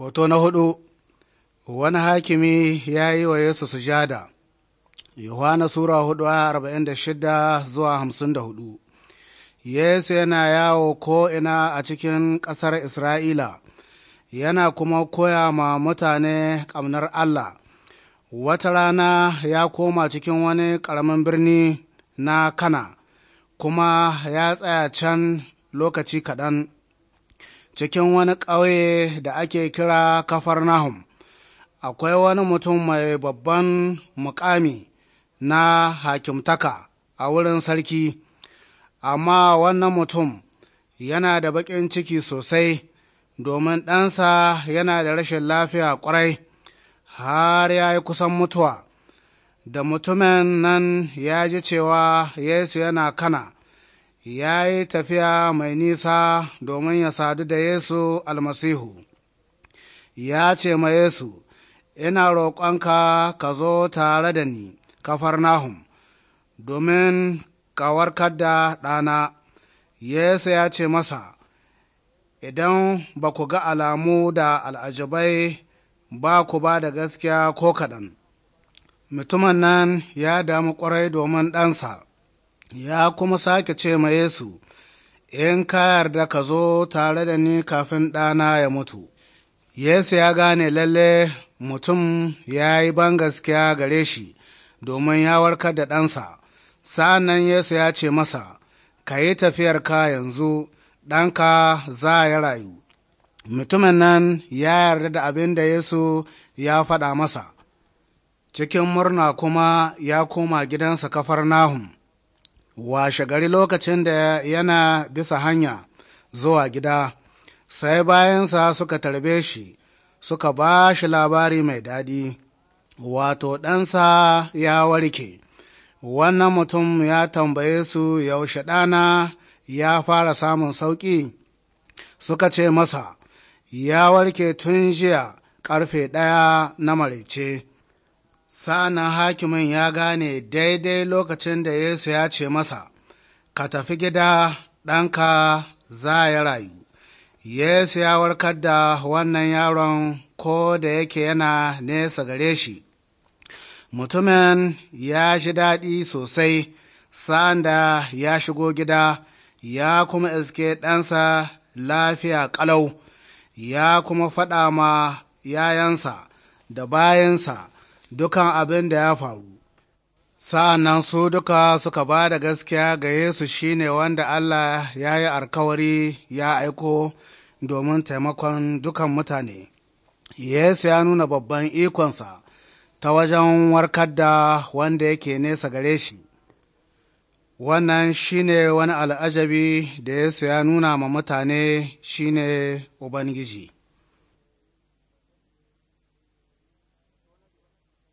Foto na hudu Wani hakimi ya yi wa Yesu sujada, Yohana Sura hudu arba'in da shida zuwa hamsin da hudu. Yesu yana yawo ko'ina a cikin ƙasar Isra'ila, yana kuma koya ma mutane ƙamnar Allah. Wata rana ya koma cikin wani ƙaramin birni na Kana, kuma ya tsaya can lokaci kaɗan. cikin wani ƙauye da ake kira Kafar Nahum, Akwai wani mutum mai babban mukami na hakimtaka a wurin sarki, amma wannan mutum yana da baƙin ciki sosai domin ɗansa yana da rashin lafiya ƙwarai har ya yi kusan mutuwa. Da mutumin nan ya ji cewa Yesu yana kana. ya yi tafiya mai nisa domin ya sadu da Yesu almasihu, ya ce ma Yesu, Ina roƙonka ka zo tare da ni, Kafarnahum, domin ka warkar da ɗana. Yesu ya ce masa, Idan ba ku ga alamu da al'ajabai ba ku ba da gaskiya ko kaɗan, mutumin nan ya damu ƙwarai domin ɗansa. ya kuma sake ce ma Yesu, In ka yarda ka zo tare da ni kafin ɗana ya mutu. Yesu ya gane lalle mutum ya yi gaskiya gare shi domin ya warkar da ɗansa, sa'an nan Yesu ya ce masa, Ka yi tafiyarka yanzu, ɗanka za ya rayu. Mutumin nan ya yarda da abin da Yesu ya faɗa masa, cikin murna kuma ya koma gidansa kafar Nahum. washe gari lokacin da yana bisa hanya zuwa gida sai bayansa suka tarbe shi suka ba shi labari mai daɗi wato ɗansa ya warke wannan mutum ya tambaye su yaushe ɗana ya fara samun sauƙi suka ce masa ya warke tun jiya karfe ɗaya na marece Sa'an hakimin ya gane daidai lokacin da Yesu ya ce masa, Ka tafi gida ɗanka za ya rayu. Yesu ya warkar da wannan yaron ko da yake yana nesa gare shi. Mutumin ya shi daɗi sosai sa'an da ya shigo gida ya kuma iske ɗansa lafiya ƙalau, ya kuma faɗa ma yayansa da bayansa. dukan abin da ya faru. Sa'an nan su duka suka ba da gaskiya ga Yesu shi ne wanda Allah ya yi alkawari ya aiko domin taimakon dukan mutane. Yesu ya nuna babban ikonsa ta wajen warkar da wanda yake nesa gare shi. Wannan ne wani al'ajabi da Yesu ya nuna ma mutane shi ne Ubangiji.